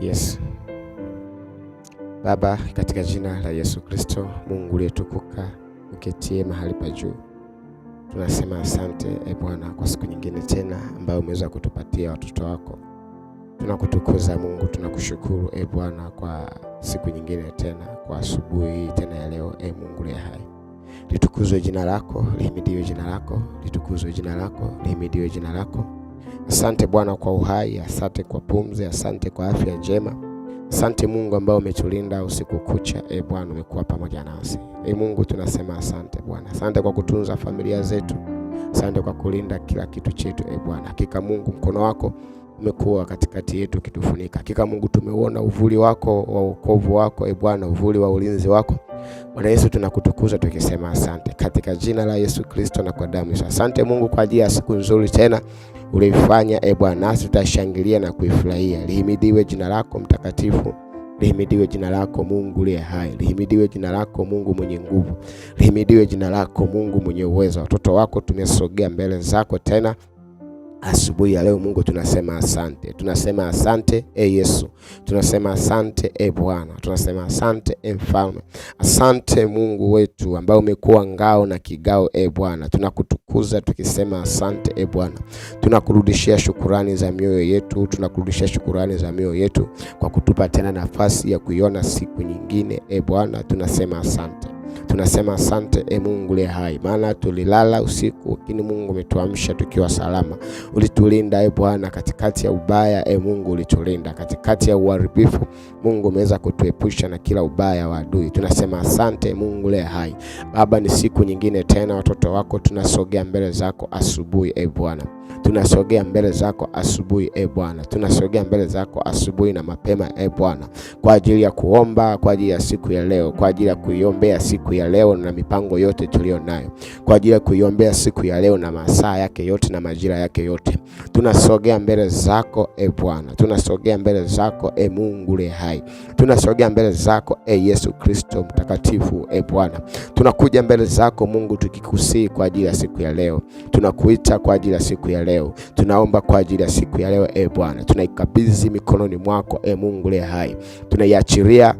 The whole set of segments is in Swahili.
Yes. Baba, katika jina la Yesu Kristo, Mungu uliyetukuka, uketie mahali pa juu, tunasema asante e Bwana kwa siku nyingine tena ambayo umeweza kutupatia watoto wako. Tunakutukuza Mungu, tunakushukuru e Bwana kwa siku nyingine tena, kwa asubuhi hii tena ya leo. E Mungu liye hai, litukuzwe jina lako, lihimidiwe jina lako, litukuzwe jina lako, lihimidiwe jina lako Asante Bwana kwa uhai, asante kwa pumzi, asante kwa afya njema. Asante Mungu ambaye umetulinda usiku kucha. E Bwana, umekuwa pamoja nasi. E Mungu, tunasema asante Bwana, asante kwa kutunza familia zetu, asante kwa kulinda kila kitu chetu. E Bwana, hakika Mungu, mkono wako umekuwa katikati yetu kitufunika. Hakika Mungu, tumeuona uvuli wako wa wokovu wako, e Bwana, uvuli wa ulinzi wako. Bwana Yesu, tunakutukuza tukisema asante, katika jina la Yesu Kristo na kwa damu. Asante Mungu kwa ajili ya siku nzuri tena ulifanya, e Bwana, nasi tutashangilia na kuifurahia. Lihimidiwe jina lako mtakatifu, lihimidiwe jina lako Mungu uliye hai, lihimidiwe jina lako Mungu mwenye nguvu, lihimidiwe jina lako Mungu mwenye uwezo. Watoto wako tumesogea mbele zako tena Asubuhi ya leo Mungu, tunasema asante, tunasema asante e Yesu, tunasema asante e Bwana, tunasema asante e Mfalme, asante Mungu wetu ambaye umekuwa ngao na kigao e Bwana, tunakutukuza tukisema asante e Bwana, tunakurudishia shukurani za mioyo yetu, tunakurudishia shukurani za mioyo yetu kwa kutupa tena nafasi ya kuiona siku nyingine e Bwana, tunasema asante tunasema asante e Mungu le hai, maana tulilala usiku, lakini Mungu umetuamsha tukiwa salama. Ulitulinda e Bwana katikati ya ubaya, e Mungu ulitulinda katikati ya uharibifu. Mungu umeweza kutuepusha na kila ubaya wa adui. Tunasema asante e Mungu le hai. Baba, ni siku nyingine tena, watoto wako tunasogea mbele zako asubuhi e Bwana tunasogea mbele zako asubuhi, e Bwana, tunasogea mbele zako asubuhi na mapema, e Bwana, kwa ajili ya kuomba, kwa ajili ya siku ya leo, kwa ajili ya kuiombea siku ya leo na mipango yote tuliyo nayo, kwa ajili ya kuiombea siku ya leo na masaa yake yote na majira yake yote. Tunasogea mbele zako e Bwana, tunasogea mbele zako e Mungu le hai, tunasogea mbele zako e Yesu Kristo mtakatifu, e Bwana, tunakuja mbele zako Mungu tukikusii kwa ajili ya siku ya leo, tunakuita kwa ajili ya siku ya ya leo. Tunaomba kwa ajili ya siku ya leo, e Bwana, tunaikabidhi mikononi mwako, e Mungu le hai, tunaiachilia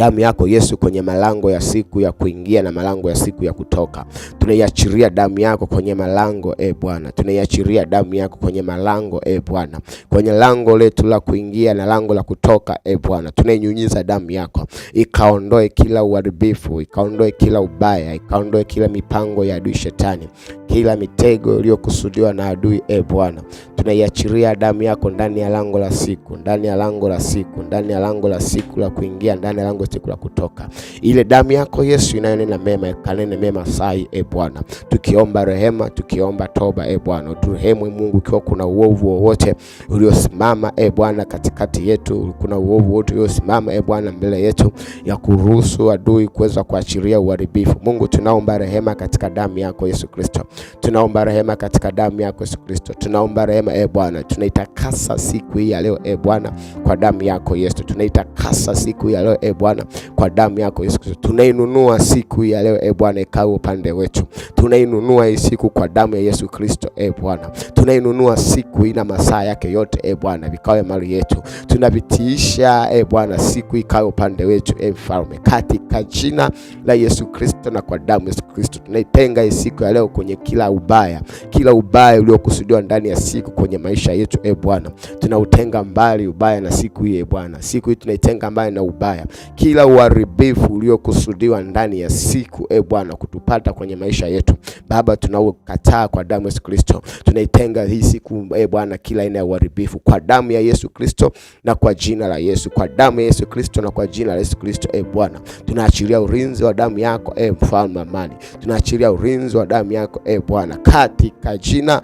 damu yako Yesu kwenye malango ya siku ya kuingia na malango ya siku ya kutoka. Tunaiachiria damu yako kwenye malango e Bwana, tunaiachiria damu yako kwenye malango e Bwana, kwenye lango letu la kuingia na lango la kutoka e Bwana, tunainyunyiza damu yako ikaondoe kila uharibifu, ikaondoe kila ubaya, ikaondoe kila mipango ya adui shetani, kila mitego iliyokusudiwa na adui e Bwana, tunaiachiria damu yako ndani ya lango la siku, ndani ya lango la siku, ndani ya lango la siku la kuingia, ndani ya lango upate kula kutoka ile damu yako Yesu inayonena mema, ikanene mema sai, e Bwana, tukiomba rehema, tukiomba toba, e Bwana, uturehemu e Mungu, ukiwa kuna uovu wowote uliosimama, e Bwana, katikati yetu, kuna uovu wote uliosimama, e Bwana, mbele yetu ya kuruhusu adui kuweza kuachiria uharibifu, Mungu tunaomba rehema katika damu yako Yesu Kristo, tunaomba rehema katika damu yako Yesu Kristo, tunaomba rehema e Bwana, tunaitakasa siku hii ya leo e Bwana, kwa damu yako Yesu, tunaitakasa siku hii ya leo e Bwana Bwana, kwa damu yako Yesu Kristo. Tunainunua siku ya leo e Bwana, ikawe upande wetu. Tunainunua hii siku kwa damu ya Yesu Kristo e Bwana, tunainunua siku ina masaa yake yote e Bwana, vikawe mali yetu. Tunavitiisha e Bwana, siku ikawe upande wetu e Mfalme, katika jina la Yesu Kristo na kwa damu Yesu Kristo tunaitenga hii siku ya leo kwenye kila ubaya, kila ubaya uliokusudiwa ndani ya siku kwenye maisha yetu e Bwana, tunautenga mbali ubaya na siku hii e Bwana, siku hii tunaitenga mbali na ubaya kila uharibifu uliokusudiwa ndani ya siku, e Bwana, kutupata kwenye maisha yetu. Baba, tunaokataa kwa damu ya Yesu Kristo, tunaitenga hii siku, e Bwana, kila aina ya uharibifu kwa damu ya Yesu Kristo na kwa jina la Yesu, kwa damu ya Yesu Kristo na kwa jina la Yesu Kristo. E Bwana, tunaachilia ulinzi wa damu yako, e mfalme amani, tunaachilia ulinzi wa damu yako, e Bwana, katika jina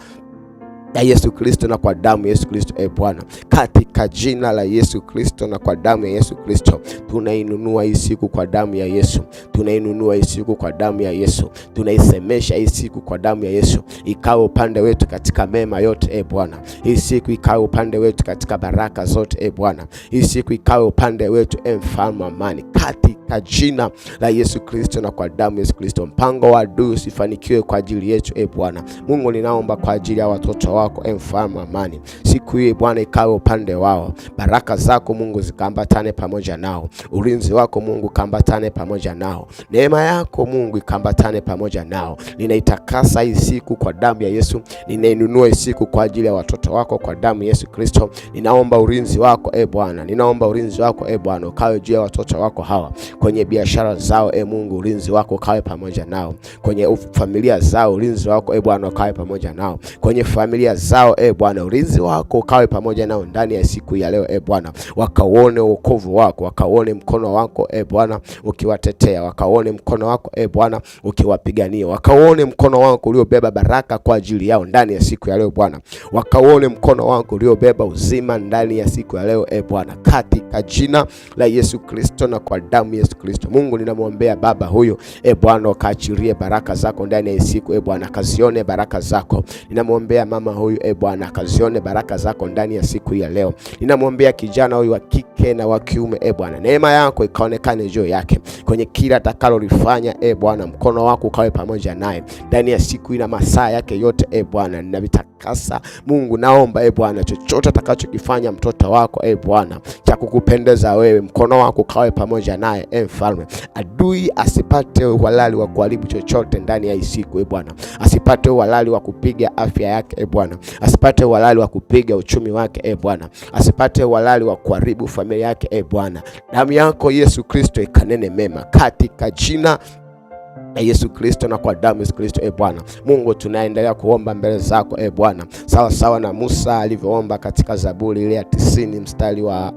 ya Yesu Kristo na kwa damu ya Yesu Kristo. E Bwana, katika jina la Yesu Kristo na kwa damu ya Yesu Kristo, tunainunua hii siku kwa damu ya Yesu, tunainunua hii siku kwa damu ya Yesu, tunaisemesha hii siku kwa damu ya Yesu, ikawe upande wetu katika mema yote. E Bwana, hii siku ikawe upande wetu katika baraka zote. E Bwana, hii siku ikawe upande wetu, e mfalme amani, katika jina la Yesu Kristo na kwa damu ya Yesu Kristo, mpango wa adui usifanikiwe kwa ajili yetu. E Bwana Mungu, ninaomba kwa ajili ya watoto wao wako, e eh, mfalme wa amani. Siku hii Bwana ikawe upande wao, baraka zako Mungu zikaambatane pamoja nao, ulinzi wako Mungu kaambatane pamoja nao, neema yako Mungu ikaambatane pamoja nao. Ninaitakasa hii siku kwa damu ya Yesu, ninainunua hii siku kwa ajili ya watoto wako kwa damu ya Yesu Kristo. Ninaomba ulinzi wako e Bwana, ninaomba ulinzi wako e Bwana ukawe juu ya watoto wako hawa, kwenye biashara zao e Mungu, ulinzi wako ukawe pamoja nao, kwenye familia zao, ulinzi wako e Bwana ukawe pamoja nao, kwenye familia familia zao, e Bwana, ulinzi wako ukawe pamoja nao ndani ya siku ya leo, e Bwana, wakauone wokovu wako, wakaone mkono wako, e Bwana, ukiwatetea, wakaone mkono wako, e Bwana, ukiwapigania, wakaone mkono wako uliobeba baraka kwa ajili yao ndani ya siku ya leo Bwana, wakauone mkono wako uliobeba uzima ndani ya siku ya leo, e Bwana, katika jina la Yesu Kristo na kwa damu Yesu Kristo. Mungu, ninamwombea baba huyu, e Bwana, ukaachirie baraka zako ndani ya siku, e Bwana, kazione baraka zako. Ninamwombea mama huyu, e Bwana akazione baraka zako ndani ya siku hii ya leo. Ninamwombea kijana huyu wa kike na wa kiume, e Bwana, neema yako ikaonekane juu yake kwenye kila atakalolifanya, e Bwana, mkono wako ukawe pamoja naye ndani ya siku hii na masaa yake yote, e Bwana, ninavitakasa Mungu, naomba e Bwana, chochote atakachokifanya mtoto wako e Bwana cha kukupendeza wewe, mkono wako ukawe pamoja naye, e Mfalme, adui asipate uhalali wa kuharibu chochote ndani ya hii siku, e Bwana, asipate uhalali wa kupiga afya yake, e Bwana Bwana, asipate uhalali wa kupiga uchumi wake e Bwana, asipate uhalali wa kuharibu familia yake e Bwana. Damu yako Yesu Kristo ikanene mema katika jina Yesu Kristo na kwa damu Yesu Kristo, e Bwana Mungu, tunaendelea kuomba mbele zako e Bwana, sawa sawa na Musa alivyoomba katika Zaburi ile ya tisini mstari wa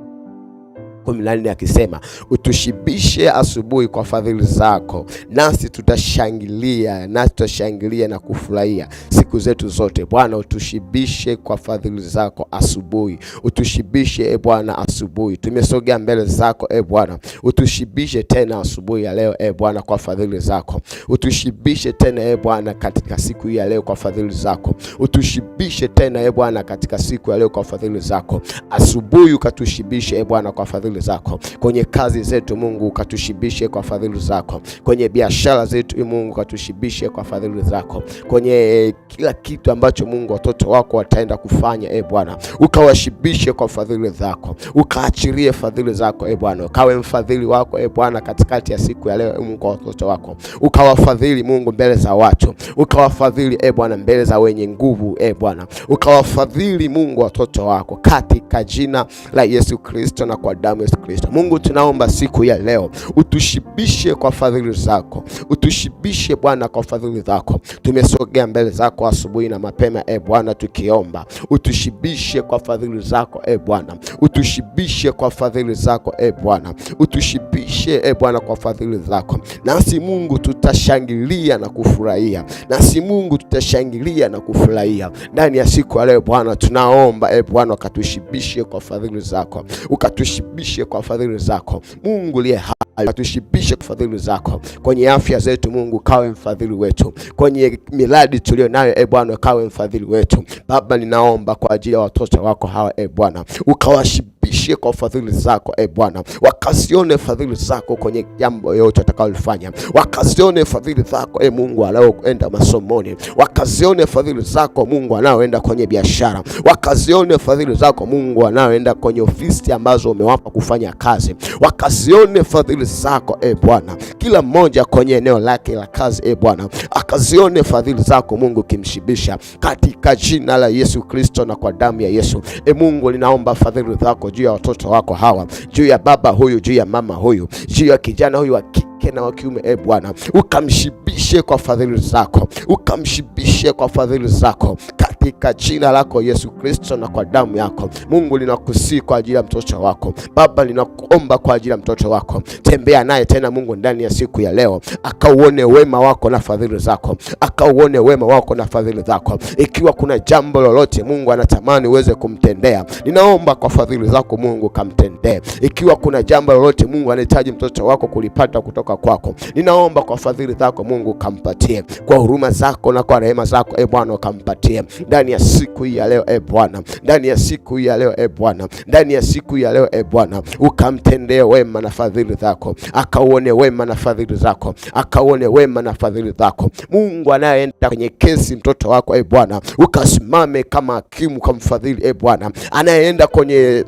kumi na nne akisema utushibishe asubuhi kwa fadhili zako, nasi tutashangilia nasi tutashangilia na kufurahia siku zetu zote. Bwana, utushibishe kwa fadhili zako asubuhi, utushibishe e Bwana asubuhi. Tumesogea mbele zako e Bwana, utushibishe tena asubuhi ya leo e Bwana kwa fadhili zako, utushibishe tena e Bwana katika siku hii ya leo kwa fadhili zako, utushibishe tena e Bwana katika siku ya leo kwa fadhili zako. Asubuhi ukatushibishe e Bwana kwa fadhili fadhili zako, kwenye kazi zetu Mungu ukatushibishe kwa fadhili zako, kwenye biashara zetu Mungu ukatushibishe kwa fadhili zako, kwenye kila kitu ambacho Mungu watoto wako wataenda kufanya, e Bwana ukawashibishe kwa fadhili zako, ukaachirie fadhili zako e Bwana, ukawe mfadhili wako e Bwana, katikati ya siku ya leo e Mungu kwa watoto wako, ukawafadhili Mungu mbele za watu, ukawafadhili e Bwana mbele za wenye nguvu e Bwana, ukawafadhili Mungu watoto wako katika jina la Yesu Kristo na kwa damu damu Yesu Kristo. Mungu, tunaomba siku ya leo utushibishe kwa fadhili zako, utushibishe Bwana kwa fadhili zako. Tumesogea mbele zako asubuhi na mapema, e Bwana, tukiomba utushibishe kwa fadhili zako, e Bwana, utushibishe kwa fadhili zako, e Bwana, utushibishe e Bwana kwa fadhili zako, nasi Mungu tutashangilia na kufurahia, nasi Mungu tutashangilia na kufurahia ndani ya siku ya leo Bwana. Tunaomba e Bwana ukatushibishe kwa fadhili zako, ukatushibishe atushibishe kwa fadhili zako Mungu liye atushibishe kwa fadhili zako kwenye afya zetu. Mungu kawe mfadhili wetu kwenye miradi tulio nayo, e Bwana kawe mfadhili wetu. Baba, ninaomba kwa ajili ya watoto wako hawa, e Bwana ukawashibishe wazidishie kwa fadhili zako e Bwana, wakazione fadhili zako kwenye jambo yote atakalofanya, wakazione fadhili zako e Mungu anaoenda masomoni, wakazione fadhili zako Mungu anaoenda kwenye biashara, wakazione fadhili zako Mungu anaoenda kwenye ofisi ambazo umewapa kufanya kazi, wakazione fadhili zako e Bwana, kila mmoja kwenye eneo lake la kazi e Bwana, akazione fadhili zako Mungu kimshibisha katika jina la Yesu Kristo na kwa damu ya Yesu e Mungu, linaomba fadhili zako juu ya watoto wako hawa, juu ya baba huyu, juu ya mama huyu, juu ya kijana huyu wa kike na wa kiume. E Bwana, ukamshibishe kwa fadhili zako, ukamshibishe kwa fadhili zako katika jina lako Yesu Kristo na kwa damu yako. Mungu, ninakusii kwa ajili ya mtoto wako Baba, ninakuomba kwa ajili ya mtoto wako, tembea naye tena Mungu ndani ya siku ya leo, akauone wema wako na fadhili zako, akauone wema wako na fadhili zako. Ikiwa kuna jambo lolote Mungu anatamani uweze kumtendea, ninaomba kwa fadhili zako Mungu kamtendee. Ikiwa kuna jambo lolote Mungu anahitaji mtoto wako kulipata kutoka kwako, ninaomba kwa fadhili zako Mungu kampatie, kwa huruma zako na kwa rehema zako, e Bwana ukampatie ndani ya siku hii ya leo e Bwana, ndani ya siku hii ya leo e Bwana, ndani ya siku hii ya leo e Bwana, ukamtendee wema na fadhili zako, akauone wema na fadhili zako, akauone wema na fadhili zako. Mungu anayeenda kwenye kesi mtoto wako e Bwana, ukasimame kama hakimu, kamfadhili e Bwana, anayeenda kwenye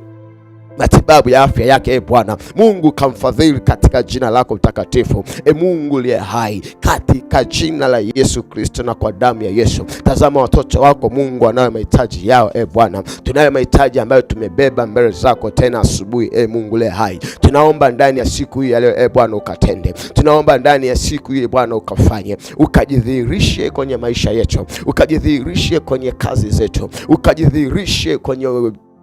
matibabu ya afya yake. E Bwana Mungu, kamfadhili katika jina lako mtakatifu. E Mungu liye hai, katika jina la Yesu Kristo na kwa damu ya Yesu. Tazama watoto wako Mungu, anayo mahitaji yao. E Bwana, tunayo mahitaji ambayo tumebeba mbele zako tena asubuhi. E Mungu liye hai, tunaomba ndani ya siku hii ya leo, e Bwana, ukatende. Tunaomba ndani ya siku hii Bwana, ukafanye, ukajidhihirishe kwenye maisha yetu, ukajidhihirishe kwenye kazi zetu, ukajidhihirishe kwenye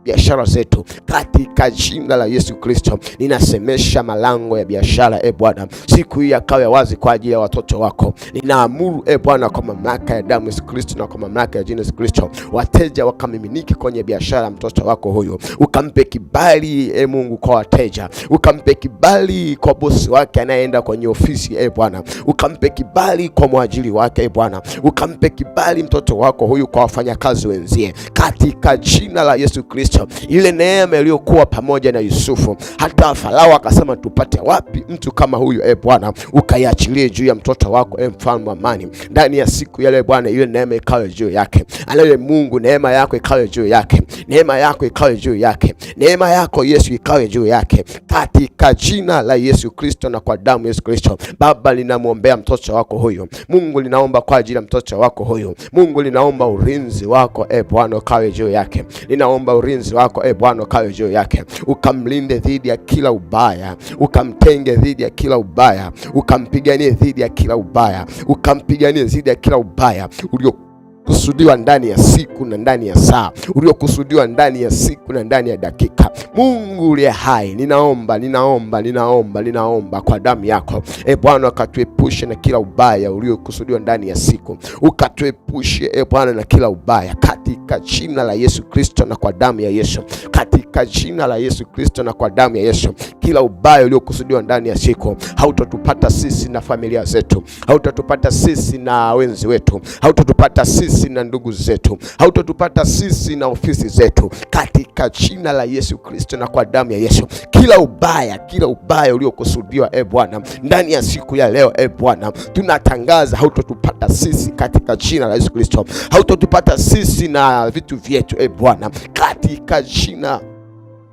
biashara zetu katika jina la Yesu Kristo. Ninasemesha malango ya biashara, e Bwana, siku hii yakawe wazi kwa ajili ya watoto wako. Ninaamuru e Bwana, kwa mamlaka ya damu Yesu Kristo na kwa mamlaka ya jina Yesu Kristo, wateja wakamiminiki kwenye biashara mtoto wako huyu, ukampe kibali e Mungu kwa wateja, ukampe kibali kwa bosi wake anayeenda kwenye ofisi e Bwana, ukampe kibali kwa mwajiri wake e Bwana, ukampe kibali mtoto wako huyu kwa wafanyakazi wenzie katika jina la Yesu Kristo. Kristo, ile neema iliyokuwa pamoja na Yusufu. Hata Farao akasema, tupate wapi mtu kama huyu? E eh, Bwana, ukaiachilie juu ya mtoto wako, e mfalme wa amani. Ndani ya siku yale Bwana, ile neema ikawe juu yake. Alele Mungu, neema yako ikawe juu yake, neema yako ikawe juu yake, neema yako Yesu ikawe juu yake, katika jina la Yesu Kristo na kwa damu Yesu Kristo. Baba, linamwombea mtoto wako huyu Mungu, linaomba kwa ajili ya mtoto wako huyu Mungu, linaomba ulinzi wako e Bwana ukawe juu yake, linaomba ulinzi ulinzi wako e Bwana ukawe juu yake, ukamlinde dhidi ya kila ubaya, ukamtenge dhidi ya kila ubaya, ukampiganie dhidi ya kila ubaya, ukampiganie dhidi ya kila ubaya ulio uliokusudiwa ndani ya siku na ndani ya saa, uliokusudiwa ndani ya siku na ndani ya dakika. Mungu uliye hai, ninaomba ninaomba ninaomba ninaomba kwa damu yako, e Bwana, ukatuepushe na kila ubaya uliokusudiwa ndani ya siku, ukatuepushe e Bwana na kila ubaya, katika jina la Yesu Kristo na kwa damu ya Yesu katika katika jina la Yesu Kristo na kwa damu ya Yesu. Kila ubaya uliokusudiwa ndani ya siku hautatupata sisi na familia zetu, hautatupata sisi na wenzi wetu, hautatupata sisi na ndugu zetu, hautatupata sisi na ofisi zetu, katika jina la Yesu Kristo na kwa damu ya Yesu. Kila ubaya, kila ubaya uliokusudiwa e Bwana ndani ya siku ya leo e Bwana, tunatangaza hautatupata sisi katika jina la Yesu Kristo, hautatupata sisi na vitu vyetu e Bwana, katika jina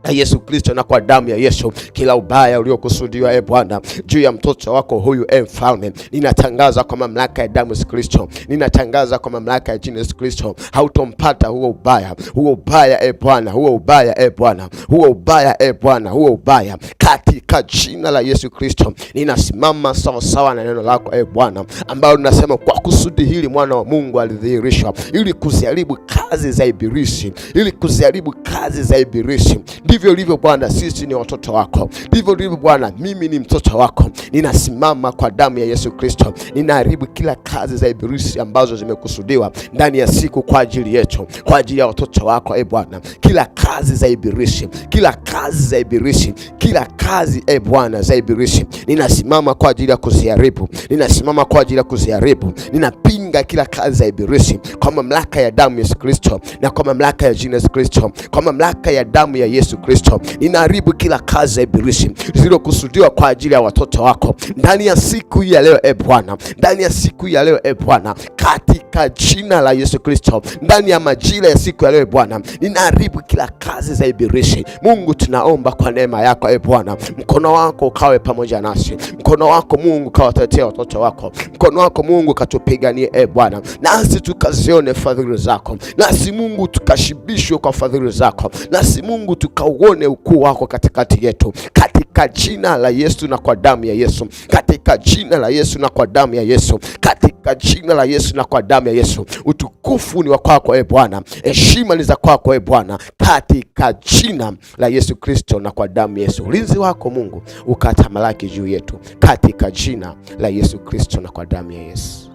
na Yesu Kristo na kwa damu ya Yesu, kila ubaya uliokusudiwa, e Bwana, juu ya mtoto wako huyu, e Mfalme, ninatangaza kwa mamlaka ya damu ya Kristo, ninatangaza kwa mamlaka ya jina Yesu Kristo, hautompata huo ubaya, huo ubaya, e Bwana, huo ubaya, e Bwana, huo ubaya, e Bwana, huo ubaya, katika jina la Yesu Kristo. Ninasimama sawasawa na neno lako, e Bwana, ambayo linasema kwa kusudi hili mwana wa Mungu alidhihirishwa, ili kuziharibu kazi za Ibilisi, ili kuziharibu kazi za Ibilisi. Ndivyo ulivyo Bwana, sisi ni watoto wako. Ndivyo ulivyo Bwana, mimi ni mtoto wako. Ninasimama kwa damu ya Yesu Kristo, ninaharibu kila kazi za ibilisi ambazo zimekusudiwa ndani ya siku kwa ajili yetu, kwa ajili ya watoto wako. E Bwana, kila kazi za ibilisi, kila kazi za ibilisi, kila kazi e Bwana za ibilisi, ninasimama kwa ajili ya kuziharibu, ninasimama kwa ajili ya kuziharibu, ninapinga Napinga kila kazi ya Ibilisi kwa mamlaka ya damu ya Yesu Kristo na kwa mamlaka ya jina Yesu Kristo, kwa mamlaka ya damu ya Yesu Kristo ninaharibu kila kazi ya Ibilisi zilizokusudiwa kwa ajili ya watoto wako ndani ya siku hii ya leo, e Bwana, ndani ya siku hii ya leo, e Bwana, katika jina la Yesu Kristo, ndani ya majira ya siku ya leo, e Bwana, ninaharibu kila kazi za Ibilisi. Mungu, tunaomba kwa neema yako, e Bwana, mkono wako ukawe pamoja nasi, mkono wako Mungu kawatetea watoto wako, mkono wako Mungu katupiganie e Bwana, nasi tukazione fadhili zako, nasi Mungu tukashibishwe kwa fadhili zako, nasi Mungu tukauone ukuu wako katikati yetu, katika jina la Yesu na kwa damu ya Yesu, katika jina la Yesu na kwa damu ya Yesu, katika jina la Yesu na kwa damu ya Yesu. Utukufu ni wa kwako e Bwana, heshima ni za kwako e Bwana, katika jina la Yesu Kristo na kwa damu ya Yesu. Ulinzi wako Mungu ukatamalaki juu yetu katika jina la Yesu Kristo na kwa damu ya Yesu.